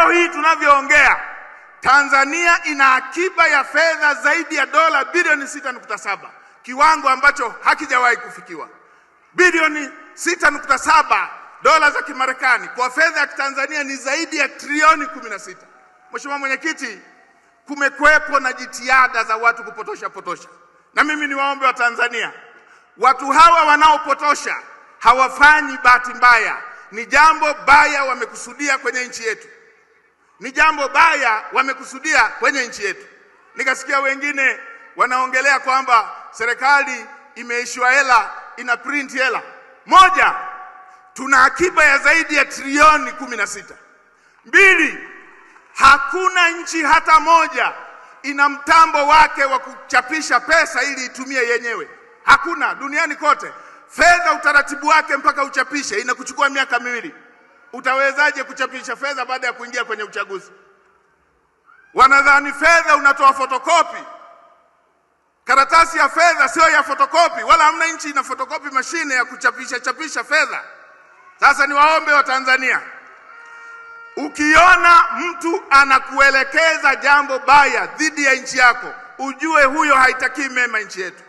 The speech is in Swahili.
Leo hii tunavyoongea, Tanzania ina akiba ya fedha zaidi ya dola bilioni 6.7, kiwango ambacho hakijawahi kufikiwa. Bilioni 6.7 dola za Kimarekani kwa fedha ya Kitanzania ni zaidi ya trilioni 16. Mheshimiwa Mwenyekiti, kumekwepo na jitihada za watu kupotosha potosha, na mimi niwaombe wa Tanzania, watu hawa wanaopotosha hawafanyi bahati mbaya, ni jambo baya wamekusudia kwenye nchi yetu ni jambo baya wamekusudia kwenye nchi yetu. Nikasikia wengine wanaongelea kwamba serikali imeishiwa hela, ina print hela. Moja, tuna akiba ya zaidi ya trilioni kumi na sita. Mbili, hakuna nchi hata moja ina mtambo wake wa kuchapisha pesa ili itumie yenyewe. Hakuna duniani kote. Fedha utaratibu wake mpaka uchapishe inakuchukua miaka miwili. Utawezaje kuchapisha fedha baada ya kuingia kwenye uchaguzi? Wanadhani fedha unatoa fotokopi. Karatasi ya fedha sio ya fotokopi, wala hamna nchi ina fotokopi mashine ya kuchapisha chapisha fedha. Sasa niwaombe Watanzania, ukiona mtu anakuelekeza jambo baya dhidi ya nchi yako, ujue huyo haitakii mema nchi yetu.